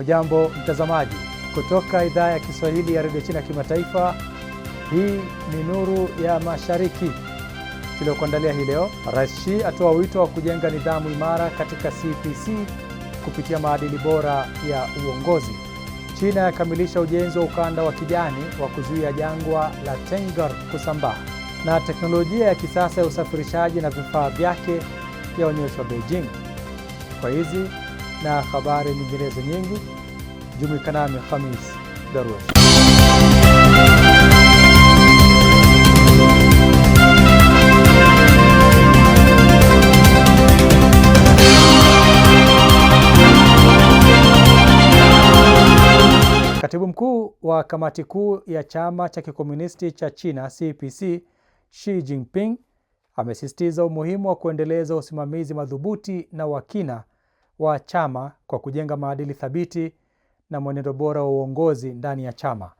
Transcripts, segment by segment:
Hujambo mtazamaji kutoka idhaa ya Kiswahili ya redio China kimataifa. Hii ni Nuru ya Mashariki tuliokuandalia hii leo. Rais Xi atoa wito wa kujenga nidhamu imara katika CPC kupitia maadili bora ya uongozi. China yakamilisha ujenzi wa ukanda wa kijani wa kuzuia jangwa la Tengger kusambaa, na teknolojia ya kisasa ya usafirishaji na vifaa vyake yaonyeshwa Beijing. Kwa hizi na habari nyinginezo nyingi. Jumuika nami Hamis Darwesh. Katibu mkuu wa kamati kuu ya chama cha kikomunisti cha China CPC Xi Jinping amesisitiza umuhimu wa kuendeleza usimamizi madhubuti na wa kina wa chama kwa kujenga maadili thabiti na mwenendo bora wa uongozi ndani ya chama.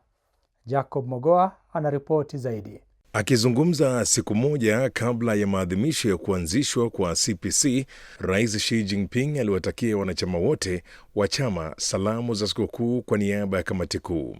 Jacob Mogoa anaripoti zaidi. Akizungumza siku moja kabla ya maadhimisho ya kuanzishwa kwa CPC, Rais Xi Jinping aliwatakia wanachama wote wa chama salamu za sikukuu kwa niaba ya kamati kuu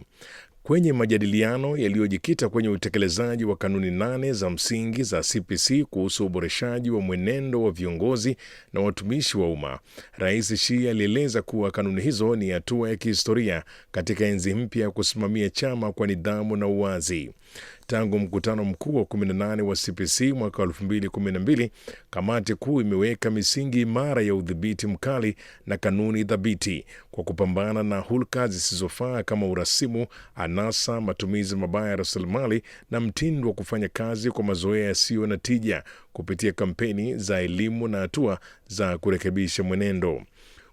kwenye majadiliano yaliyojikita kwenye utekelezaji wa kanuni nane za msingi za CPC kuhusu uboreshaji wa mwenendo wa viongozi na watumishi wa umma. Rais Xi alieleza kuwa kanuni hizo ni hatua ya kihistoria katika enzi mpya ya kusimamia chama kwa nidhamu na uwazi. Tangu mkutano mkuu wa 18 wa CPC mwaka 2012, kamati kuu imeweka misingi imara ya udhibiti mkali na kanuni thabiti kwa kupambana na hulka zisizofaa kama urasimu, anasa, matumizi mabaya ya rasilimali na mtindo wa kufanya kazi kwa mazoea yasiyo na tija kupitia kampeni za elimu na hatua za kurekebisha mwenendo.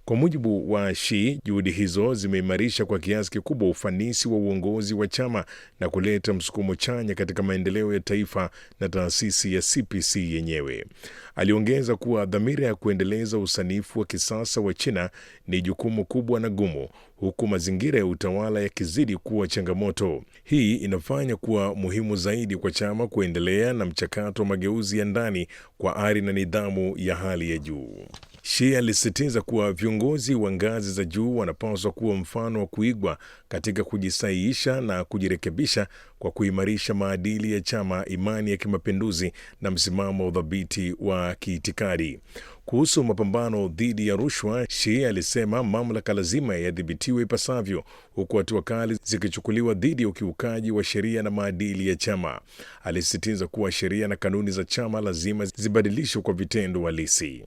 Kwa mujibu wa Shi, juhudi hizo zimeimarisha kwa kiasi kikubwa ufanisi wa uongozi wa chama na kuleta msukumo chanya katika maendeleo ya taifa na taasisi ya CPC yenyewe. Aliongeza kuwa dhamira ya kuendeleza usanifu wa kisasa wa China ni jukumu kubwa na gumu, huku mazingira ya utawala yakizidi kuwa changamoto. Hii inafanya kuwa muhimu zaidi kwa chama kuendelea na mchakato wa mageuzi ya ndani kwa ari na nidhamu ya hali ya juu shi alisisitiza kuwa viongozi wa ngazi za juu wanapaswa kuwa mfano wa kuigwa katika kujisaiisha na kujirekebisha kwa kuimarisha maadili ya chama, imani ya kimapinduzi na msimamo udhabiti wa kiitikadi. Kuhusu mapambano dhidi ya rushwa, shi alisema mamlaka lazima yadhibitiwe ipasavyo, huku hatua kali zikichukuliwa dhidi ya ukiukaji wa sheria na maadili ya chama. Alisisitiza kuwa sheria na kanuni za chama lazima zibadilishwe kwa vitendo halisi.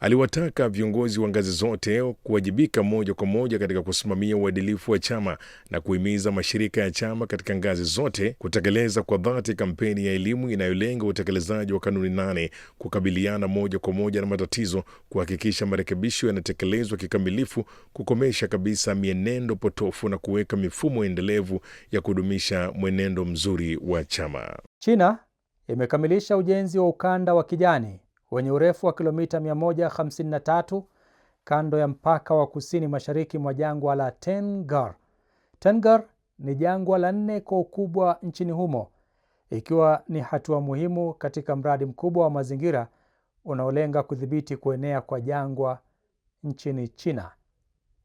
Aliwataka viongozi wa ngazi zote kuwajibika moja kwa moja katika kusimamia uadilifu wa chama na kuhimiza mashirika ya chama katika ngazi zote kutekeleza kwa dhati kampeni ya elimu inayolenga utekelezaji wa kanuni nane, kukabiliana moja kwa moja na matatizo, kuhakikisha marekebisho yanatekelezwa kikamilifu, kukomesha kabisa mienendo potofu na kuweka mifumo endelevu ya kudumisha mwenendo mzuri wa chama. China imekamilisha ujenzi wa ukanda wa kijani wenye urefu wa kilomita 153 kando ya mpaka wa kusini mashariki mwa jangwa la Tengar. Tengar ni jangwa la nne kwa ukubwa nchini humo, ikiwa ni hatua muhimu katika mradi mkubwa wa mazingira unaolenga kudhibiti kuenea kwa jangwa nchini China.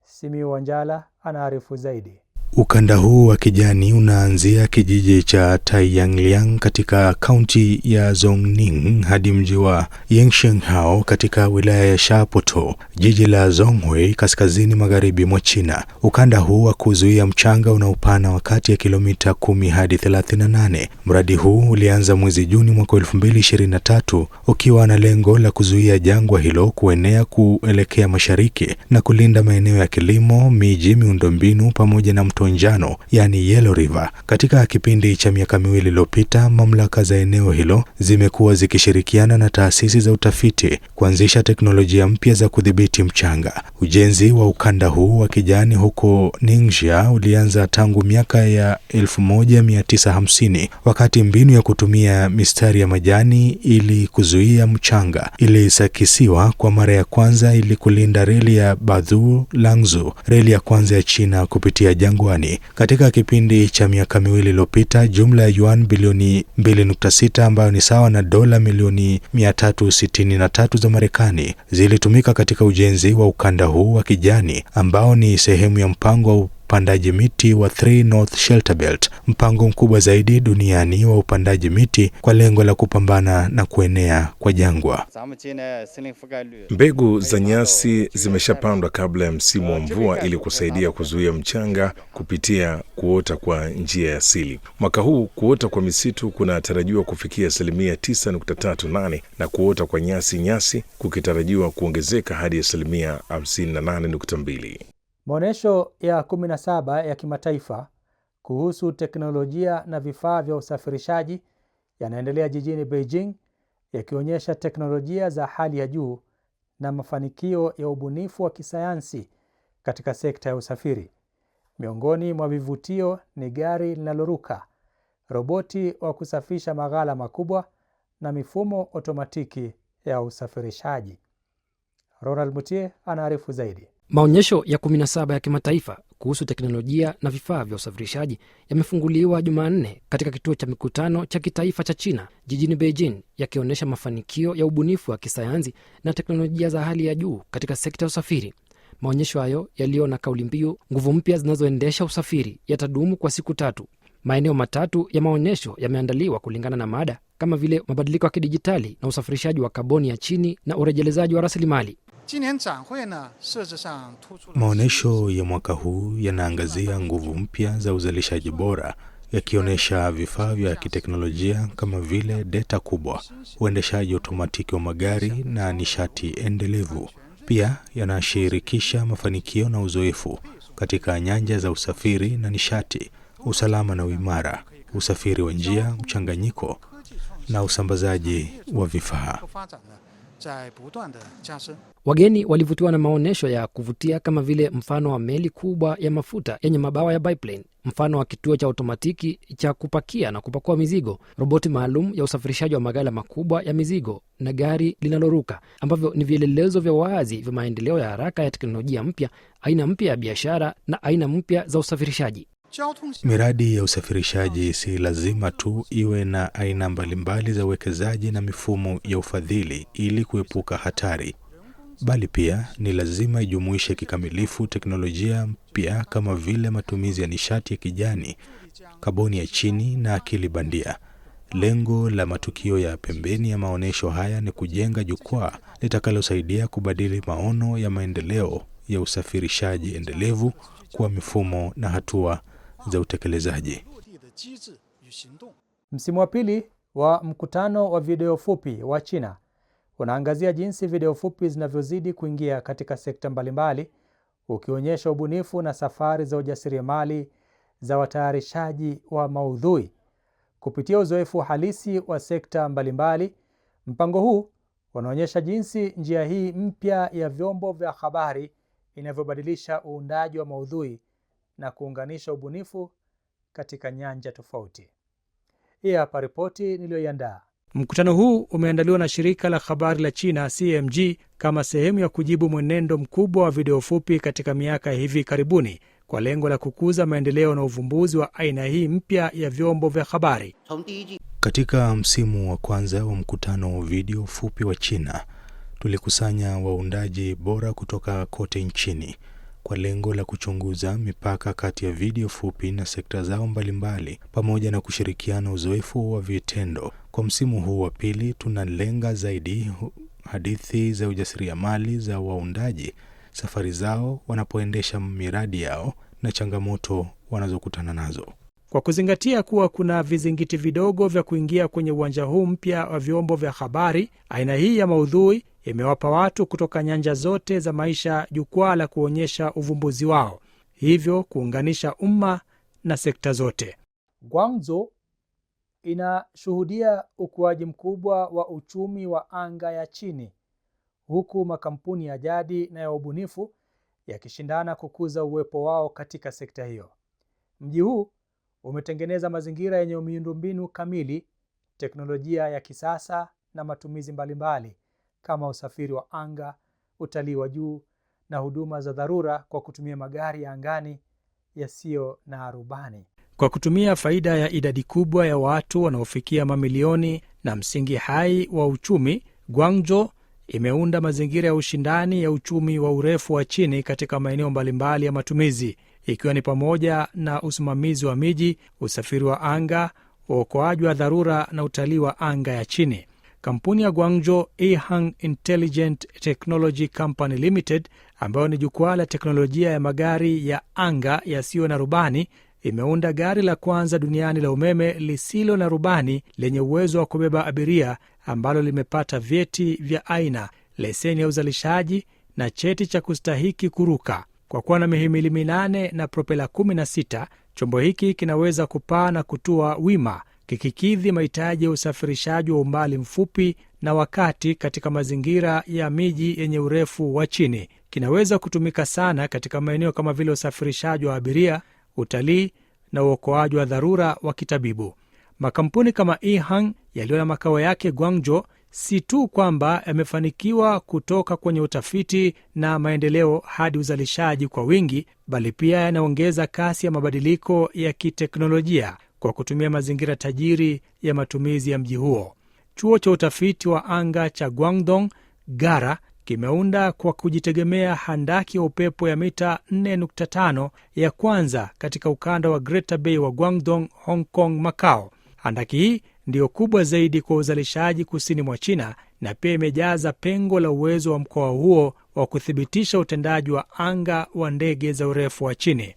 Simiu Wanjala anaarifu zaidi. Ukanda huu wa kijani unaanzia kijiji cha Taiyangliang katika kaunti ya Zongning hadi mji wa Yengshenghao katika wilaya ya Shapoto, jiji la Zhonghui kaskazini magharibi mwa China. Ukanda huu wa kuzuia mchanga una upana wa kati ya kilomita kumi hadi 38. Mradi huu ulianza mwezi Juni mwaka 2023 ukiwa na lengo la kuzuia jangwa hilo kuenea kuelekea mashariki na kulinda maeneo ya kilimo, miji, miundombinu pamoja na mto Njano yani Yellow River. Katika kipindi cha miaka miwili iliyopita, mamlaka za eneo hilo zimekuwa zikishirikiana na taasisi za utafiti kuanzisha teknolojia mpya za kudhibiti mchanga. Ujenzi wa ukanda huu wa kijani huko Ningxia ulianza tangu miaka ya 1950 wakati mbinu ya kutumia mistari ya majani ili kuzuia mchanga ilisakisiwa kwa mara ya kwanza ili kulinda reli ya Badhu Langzu, reli ya kwanza ya China kupitia jangwa yuani. Katika kipindi cha miaka miwili iliyopita, jumla ya yuan bilioni 2.6 ambayo ni sawa na dola milioni 363 za Marekani zilitumika katika ujenzi wa ukanda huu wa kijani ambao ni sehemu ya mpango upandaji miti wa Three North Shelter Belt, mpango mkubwa zaidi duniani wa upandaji miti kwa lengo la kupambana na kuenea kwa jangwa. Mbegu za nyasi zimeshapandwa kabla ya msimu wa mvua ili kusaidia kuzuia mchanga kupitia kuota kwa njia ya asili. Mwaka huu kuota kwa misitu kunatarajiwa kufikia asilimia 9.38 na kuota kwa nyasi nyasi kukitarajiwa kuongezeka hadi asilimia 58.2. Maonyesho ya 17 ya kimataifa kuhusu teknolojia na vifaa vya usafirishaji yanaendelea jijini Beijing yakionyesha teknolojia za hali ya juu na mafanikio ya ubunifu wa kisayansi katika sekta ya usafiri. Miongoni mwa vivutio ni gari linaloruka, roboti wa kusafisha maghala makubwa na mifumo otomatiki ya usafirishaji. Ronald Mutie anaarifu zaidi. Maonyesho ya 17 ya kimataifa kuhusu teknolojia na vifaa vya usafirishaji yamefunguliwa Jumanne katika kituo cha mikutano cha kitaifa cha China jijini Beijing, yakionyesha mafanikio ya ubunifu wa kisayansi na teknolojia za hali ya juu katika sekta ya usafiri. Maonyesho hayo yaliyo na kauli mbiu nguvu mpya zinazoendesha usafiri yatadumu kwa siku tatu. Maeneo matatu ya maonyesho yameandaliwa kulingana na mada kama vile mabadiliko ya kidijitali na usafirishaji wa kaboni ya chini na urejelezaji wa rasilimali. Maonyesho ya mwaka huu yanaangazia nguvu mpya za uzalishaji bora, yakionyesha vifaa vya kiteknolojia kama vile deta kubwa, uendeshaji otomatiki wa magari na nishati endelevu. Pia yanashirikisha mafanikio na uzoefu katika nyanja za usafiri na nishati, usalama na uimara, usafiri wa njia mchanganyiko na usambazaji wa vifaa. 在不断的加深。Wageni walivutiwa na maonyesho ya kuvutia kama vile mfano wa meli kubwa ya mafuta yenye mabawa ya biplane, mfano wa kituo cha otomatiki cha kupakia na kupakua mizigo, roboti maalum ya usafirishaji wa magala makubwa ya mizigo na gari linaloruka, ambavyo ni vielelezo vya wazi vya maendeleo ya haraka ya teknolojia mpya, aina mpya ya biashara na aina mpya za usafirishaji. Miradi ya usafirishaji si lazima tu iwe na aina mbalimbali za uwekezaji na mifumo ya ufadhili ili kuepuka hatari, bali pia ni lazima ijumuishe kikamilifu teknolojia mpya kama vile matumizi ya nishati ya kijani, kaboni ya chini na akili bandia. Lengo la matukio ya pembeni ya maonyesho haya ni kujenga jukwaa litakalosaidia kubadili maono ya maendeleo ya usafirishaji endelevu kuwa mifumo na hatua za utekelezaji. Msimu wa pili wa mkutano wa video fupi wa China unaangazia jinsi video fupi zinavyozidi kuingia katika sekta mbalimbali, ukionyesha ubunifu na safari za ujasiriamali za watayarishaji wa maudhui kupitia uzoefu halisi wa sekta mbalimbali. Mpango huu unaonyesha jinsi njia hii mpya ya vyombo vya habari inavyobadilisha uundaji wa maudhui na kuunganisha ubunifu katika nyanja tofauti. Hii hapa ripoti niliyoiandaa. Mkutano huu umeandaliwa na shirika la habari la China CMG kama sehemu ya kujibu mwenendo mkubwa wa video fupi katika miaka hivi karibuni kwa lengo la kukuza maendeleo na uvumbuzi wa aina hii mpya ya vyombo vya habari. Katika msimu wa kwanza wa mkutano wa video fupi wa China, tulikusanya waundaji bora kutoka kote nchini kwa lengo la kuchunguza mipaka kati ya video fupi na sekta zao mbalimbali pamoja na kushirikiana uzoefu wa vitendo. Kwa msimu huu wa pili, tunalenga zaidi hadithi za ujasiriamali za waundaji, safari zao wanapoendesha miradi yao na changamoto wanazokutana nazo. Kwa kuzingatia kuwa kuna vizingiti vidogo vya kuingia kwenye uwanja huu mpya wa vyombo vya habari, aina hii ya maudhui imewapa watu kutoka nyanja zote za maisha jukwaa la kuonyesha uvumbuzi wao, hivyo kuunganisha umma na sekta zote. Guangzhou inashuhudia ukuaji mkubwa wa uchumi wa anga ya chini, huku makampuni ya jadi na ya ubunifu yakishindana kukuza uwepo wao katika sekta hiyo. Mji huu umetengeneza mazingira yenye miundombinu kamili, teknolojia ya kisasa na matumizi mbalimbali kama usafiri wa anga, utalii wa juu na huduma za dharura kwa kutumia magari ya angani yasiyo na rubani. Kwa kutumia faida ya idadi kubwa ya watu wanaofikia mamilioni na msingi hai wa uchumi, Guangzhou imeunda mazingira ya ushindani ya uchumi wa urefu wa chini katika maeneo mbalimbali ya matumizi, ikiwa ni pamoja na usimamizi wa miji, usafiri wa anga, uokoaji wa dharura na utalii wa anga ya chini kampuni ya gwangjo Ehang Intelligent Technology Company Limited ambayo ni jukwaa la teknolojia ya magari ya anga yasiyo na rubani imeunda gari la kwanza duniani la umeme lisilo na rubani lenye uwezo wa kubeba abiria ambalo limepata vyeti vya aina, leseni ya uzalishaji na cheti cha kustahiki kuruka. Kwa kuwa na mihimili minane na propela 16, chombo hiki kinaweza kupaa na kutua wima kikikidhi mahitaji ya usafirishaji wa umbali mfupi na wakati katika mazingira ya miji yenye urefu wa chini. Kinaweza kutumika sana katika maeneo kama vile usafirishaji wa abiria, utalii na uokoaji wa dharura wa kitabibu. Makampuni kama Ehang yaliyo na makao yake Guangzhou si tu kwamba yamefanikiwa kutoka kwenye utafiti na maendeleo hadi uzalishaji kwa wingi, bali pia yanaongeza kasi ya mabadiliko ya kiteknolojia kwa kutumia mazingira tajiri ya matumizi ya mji huo. Chuo cha utafiti wa anga cha Guangdong Gara kimeunda kwa kujitegemea handaki ya upepo ya mita 4.5 ya kwanza katika ukanda wa Greater Bay wa Guangdong, Hong Kong, macao Handaki hii ndiyo kubwa zaidi kwa uzalishaji kusini mwa China na pia imejaza pengo la uwezo wa mkoa huo wa kuthibitisha utendaji wa anga wa ndege za urefu wa chini.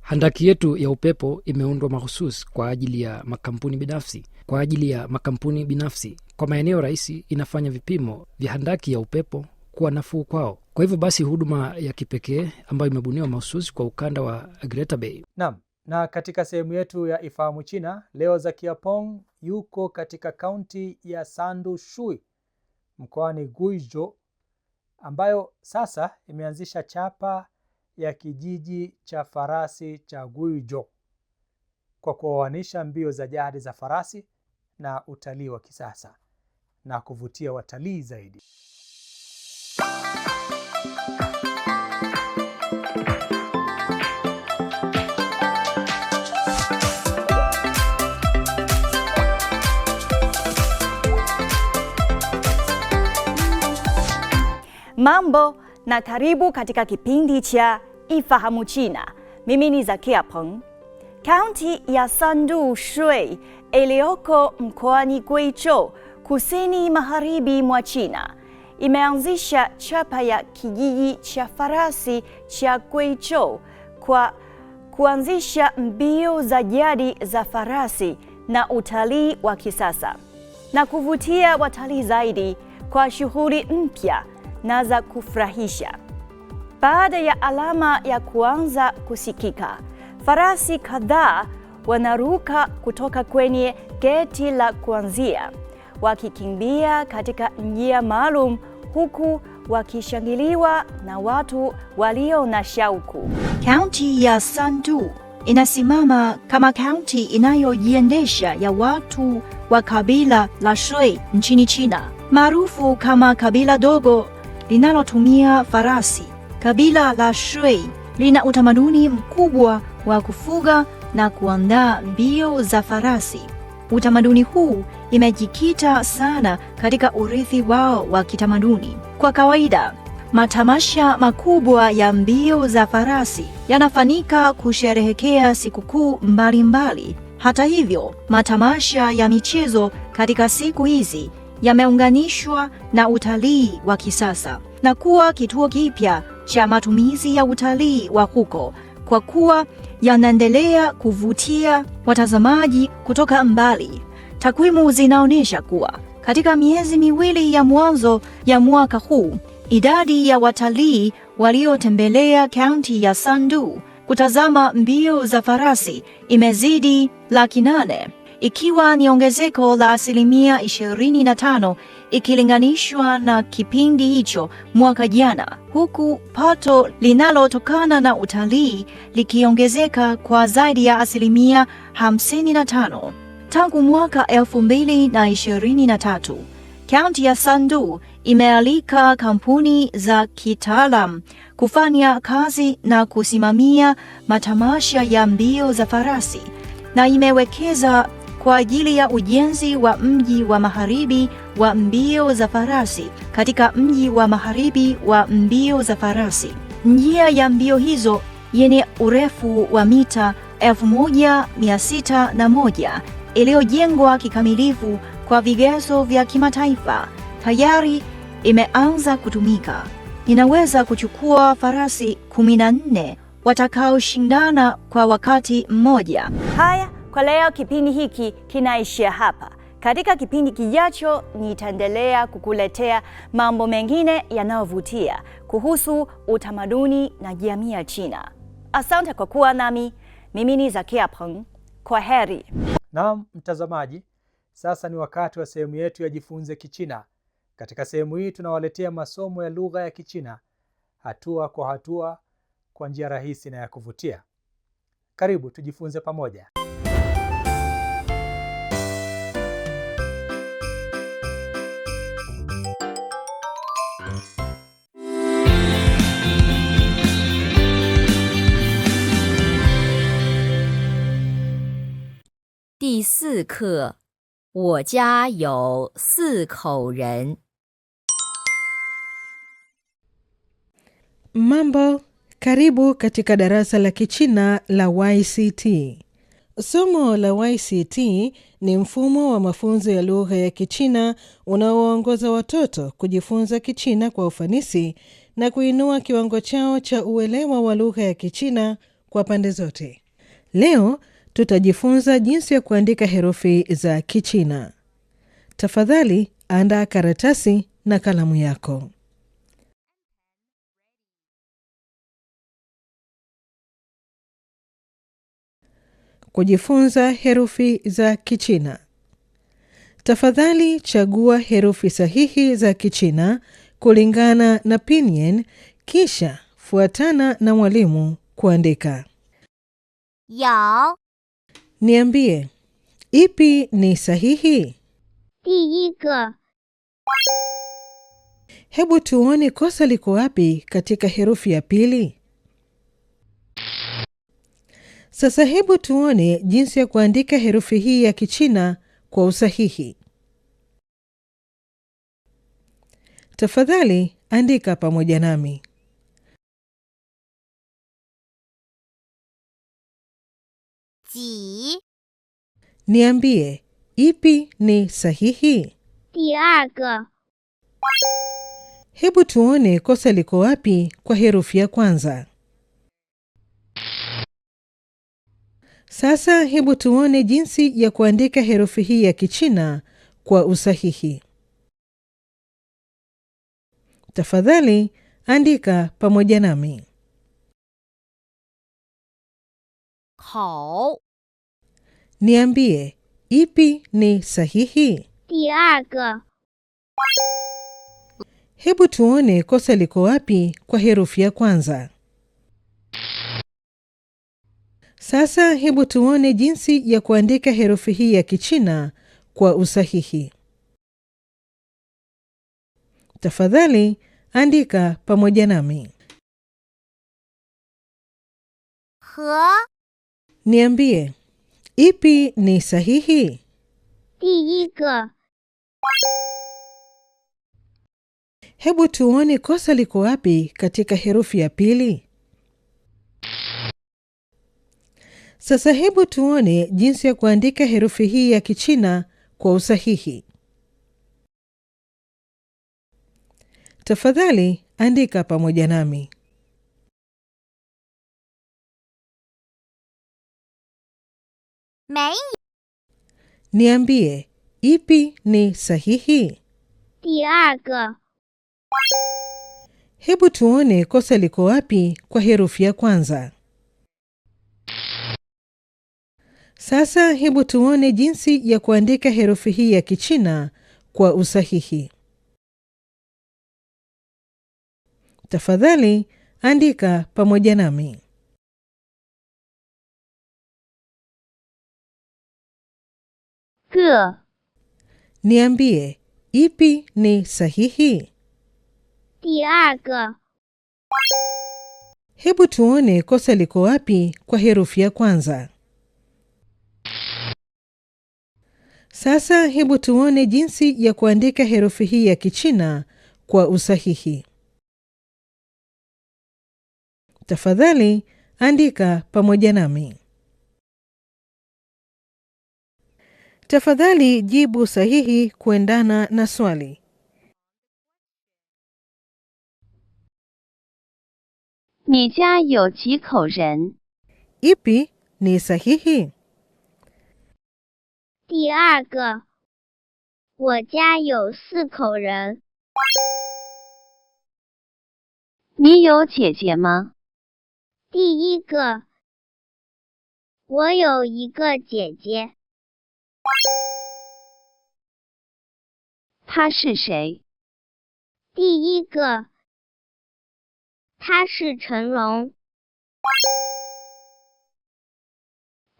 Handaki yetu ya upepo imeundwa mahususi kwa ajili ya makampuni binafsi kwa ajili ya makampuni binafsi kwa maeneo rahisi. Inafanya vipimo vya handaki ya upepo kuwa nafuu kwao. Kwa hivyo basi, huduma ya kipekee ambayo imebuniwa mahususi kwa ukanda wa Greater Bay. Naam, na katika sehemu yetu ya Ifahamu China leo, Zakia Pong yuko katika kaunti ya Sandu Shui mkoani Guizhou ambayo sasa imeanzisha chapa ya kijiji cha farasi cha Guijo kwa kuoanisha mbio za jadi za farasi na utalii wa kisasa na kuvutia watalii zaidi. Mambo na karibu katika kipindi cha Ifahamu China. Mimi ni Zakia Peng. Kaunti ya Sandu Shui iliyoko mkoani Guizhou, kusini magharibi mwa China, imeanzisha chapa ya kijiji cha farasi cha Guizhou kwa kuanzisha mbio za jadi za farasi na utalii wa kisasa na kuvutia watalii zaidi kwa shughuli mpya na za kufurahisha. Baada ya alama ya kuanza kusikika, farasi kadhaa wanaruka kutoka kwenye geti la kuanzia wakikimbia katika njia maalum huku wakishangiliwa na watu walio na shauku. Kaunti ya Sandu inasimama kama kaunti inayojiendesha ya watu wa kabila la Shui nchini China, maarufu kama kabila dogo linalotumia farasi. Kabila la Shui lina utamaduni mkubwa wa kufuga na kuandaa mbio za farasi. Utamaduni huu imejikita sana katika urithi wao wa kitamaduni. Kwa kawaida, matamasha makubwa ya mbio za farasi yanafanyika kusherehekea sikukuu mbalimbali. Hata hivyo, matamasha ya michezo katika siku hizi yameunganishwa na utalii wa kisasa na kuwa kituo kipya cha matumizi ya utalii wa huko, kwa kuwa yanaendelea kuvutia watazamaji kutoka mbali. Takwimu zinaonyesha kuwa katika miezi miwili ya mwanzo ya mwaka huu, idadi ya watalii waliotembelea kaunti ya Sandu kutazama mbio za farasi imezidi laki nane ikiwa ni ongezeko la asilimia 25 ikilinganishwa na kipindi hicho mwaka jana, huku pato linalotokana na utalii likiongezeka kwa zaidi ya asilimia 55 tangu mwaka 2023. Kaunti ya Sandu imealika kampuni za kitaalam kufanya kazi na kusimamia matamasha ya mbio za farasi na imewekeza kwa ajili ya ujenzi wa mji wa magharibi wa mbio za farasi katika mji wa magharibi wa mbio za farasi. Njia ya mbio hizo yenye urefu wa mita 1601 iliyojengwa kikamilifu kwa vigezo vya kimataifa tayari imeanza kutumika. Inaweza kuchukua farasi 14 watakaoshindana kwa wakati mmoja. Haya. Kwa leo kipindi hiki kinaishia hapa. Katika kipindi kijacho nitaendelea kukuletea mambo mengine yanayovutia kuhusu utamaduni na jamii ya China. Asante kwa kuwa nami. Mimi ni Zakia Peng. Kwa heri. Naam, mtazamaji, sasa ni wakati wa sehemu yetu ya Jifunze Kichina. Katika sehemu hii tunawaletea masomo ya lugha ya Kichina hatua kwa hatua kwa njia rahisi na ya kuvutia. Karibu tujifunze pamoja. 客，我家有四口人。Mambo, karibu katika darasa la Kichina la YCT. Somo la YCT ni mfumo wa mafunzo ya lugha ya Kichina unaowaongoza watoto kujifunza Kichina kwa ufanisi na kuinua kiwango chao cha uelewa wa lugha ya Kichina kwa pande zote. Leo tutajifunza jinsi ya kuandika herufi za Kichina. Tafadhali andaa karatasi na kalamu yako. Kujifunza herufi za Kichina. Tafadhali chagua herufi sahihi za Kichina kulingana na Pinyin, kisha fuatana na mwalimu kuandika yao Niambie, ipi ni sahihi? Tiiga. Hebu tuone kosa liko wapi katika herufi ya pili. Sasa hebu tuone jinsi ya kuandika herufi hii ya Kichina kwa usahihi. Tafadhali andika pamoja nami. 几？Niambie, ipi ni tuone kosa liko wapi kwa herufi ya kwanza. Sasa hebu tuone jinsi ya kuandika herufi hii ya Kichina kwa usahihi. Tafadhali andika pamoja nami. 好，Niambie, ipi ni sahihi? Tiago. Hebu tuone kosa liko wapi kwa herufi ya kwanza. Sasa hebu tuone jinsi ya kuandika herufi hii ya Kichina kwa usahihi. Tafadhali andika pamoja nami. Niambie ipi ni sahihi? hebu tuone kosa liko wapi katika herufi ya pili. Sasa hebu tuone jinsi ya kuandika herufi hii ya Kichina kwa usahihi. Tafadhali andika pamoja nami. niambie ipi ni sahihi? Di Hebu tuone kosa liko wapi kwa herufi ya kwanza. Sasa hebu tuone jinsi ya kuandika herufi hii ya Kichina kwa usahihi. Tafadhali andika pamoja nami. niambie ipi ni sahihi? Di Hebu tuone kosa liko wapi kwa herufi ya kwanza. Sasa hebu tuone jinsi ya kuandika herufi hii ya Kichina kwa usahihi. Tafadhali andika pamoja nami. Tafadhali jibu sahihi kuendana na swali. ni jia you ji kou ren? Ipi ni sahihi? Di er ge, wo jia 他是谁？第一个，他是成龙。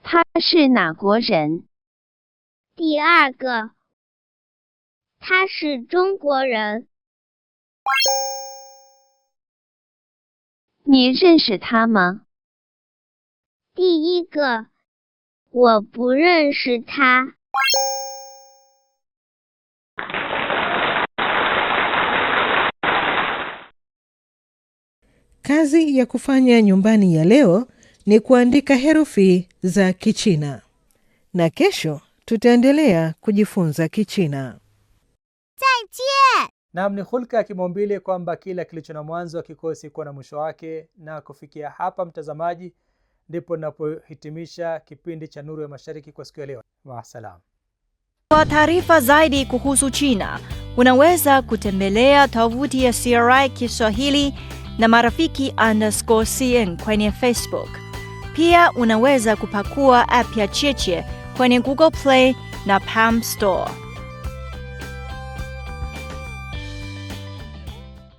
他是哪国人？第二个，他是中国人。你认识他吗？第一个。我不认识他。Kazi ya kufanya nyumbani ya leo ni kuandika herufi za Kichina, na kesho tutaendelea kujifunza Kichina. Naam, ni hulka ya kimaumbile kwamba kila kilicho na mwanzo kikosi kuwa na mwisho wake, na kufikia hapa mtazamaji ndipo napohitimisha kipindi cha Nuru ya Mashariki kwa siku ya leo. Waasalam. Kwa taarifa zaidi kuhusu China unaweza kutembelea tovuti ya CRI Kiswahili na marafiki underscore cn kwenye Facebook. Pia unaweza kupakua app ya Cheche kwenye Google Play na Palm Store.